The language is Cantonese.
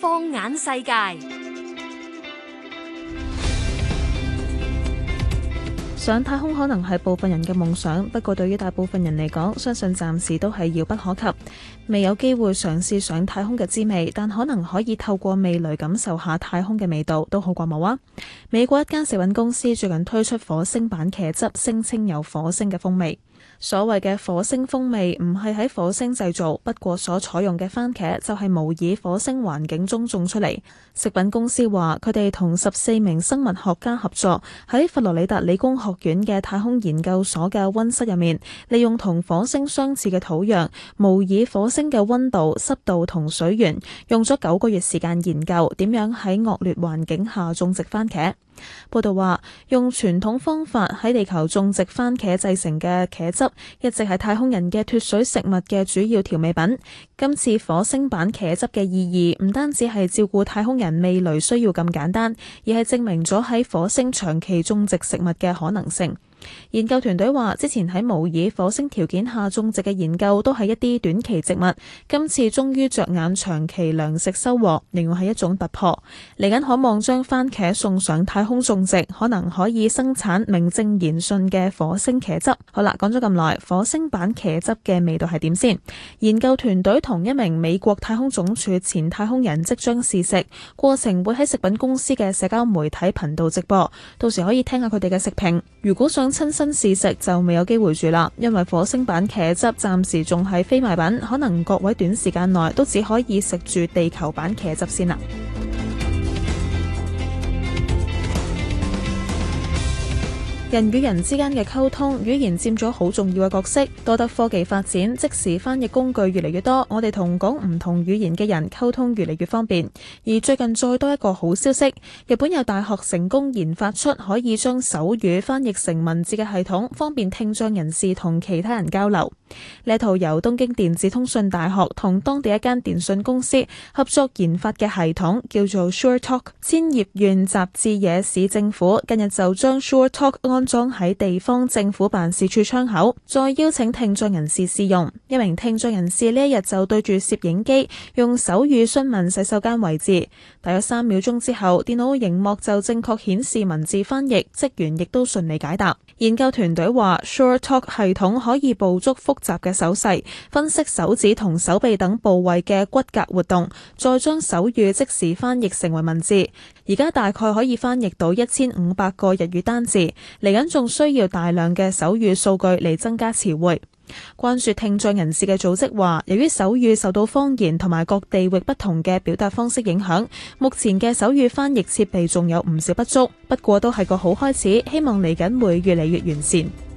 放眼世界，上太空可能係部分人嘅夢想，不過對於大部分人嚟講，相信暫時都係遙不可及，未有機會嘗試上太空嘅滋味，但可能可以透過味蕾感受下太空嘅味道，都好過冇啊！美國一間食品公司最近推出火星版茄汁，聲稱有火星嘅風味。所謂嘅火星風味唔係喺火星製造，不過所採用嘅番茄就係模擬火星環境中種出嚟。食品公司話佢哋同十四名生物學家合作，喺佛羅里達理工學院嘅太空研究所嘅溫室入面，利用同火星相似嘅土壤，模擬火星嘅溫度、濕度同水源，用咗九個月時間研究點樣喺惡劣環境下種植番茄。報道話，用傳統方法喺地球種植番茄製成嘅茄汁，一直係太空人嘅脫水食物嘅主要調味品。今次火星版茄汁嘅意義，唔單止係照顧太空人味蕾需要咁簡單，而係證明咗喺火星長期種植食物嘅可能性。研究團隊話，之前喺模擬火星條件下種植嘅研究都係一啲短期植物，今次終於着眼長期糧食收穫，另外係一種突破。嚟緊可望將番茄送上太空種植，可能可以生產名正言順嘅火星茄汁。好啦，講咗咁耐，火星版茄汁嘅味道係點先？研究團隊同一名美國太空總署前太空人即將試食，過程會喺食品公司嘅社交媒體頻道直播，到時可以聽下佢哋嘅食評。如果想，親身試食就未有機會住啦，因為火星版茄汁暫時仲係非賣品，可能各位短時間內都只可以食住地球版茄汁先啦。人與人之間嘅溝通，語言佔咗好重要嘅角色。多得科技發展，即時翻譯工具越嚟越多，我哋同講唔同語言嘅人溝通越嚟越方便。而最近再多一個好消息，日本有大學成功研發出可以將手語翻譯成文字嘅系統，方便聽障人士同其他人交流。呢套由東京電子通信大學同當地一間電信公司合作研發嘅系統，叫做 SureTalk。千葉縣雜誌野市政府近日就將 SureTalk 安裝喺地方政府辦事處窗口，再邀請聽障人士試用。一名聽障人士呢一日就對住攝影機，用手語詢問洗手間位置。大約三秒鐘之後，電腦熒幕就正確顯示文字翻譯，職員亦都順利解答。研究團隊話，SureTalk 系統可以捕捉複集嘅手勢，分析手指同手臂等部位嘅骨骼活動，再將手語即時翻譯成為文字。而家大概可以翻譯到一千五百個日語單字，嚟緊仲需要大量嘅手語數據嚟增加詞彙。關注聽障人士嘅組織話，由於手語受到方言同埋各地域不同嘅表達方式影響，目前嘅手語翻譯設備仲有唔少不足。不過都係個好開始，希望嚟緊會越嚟越完善。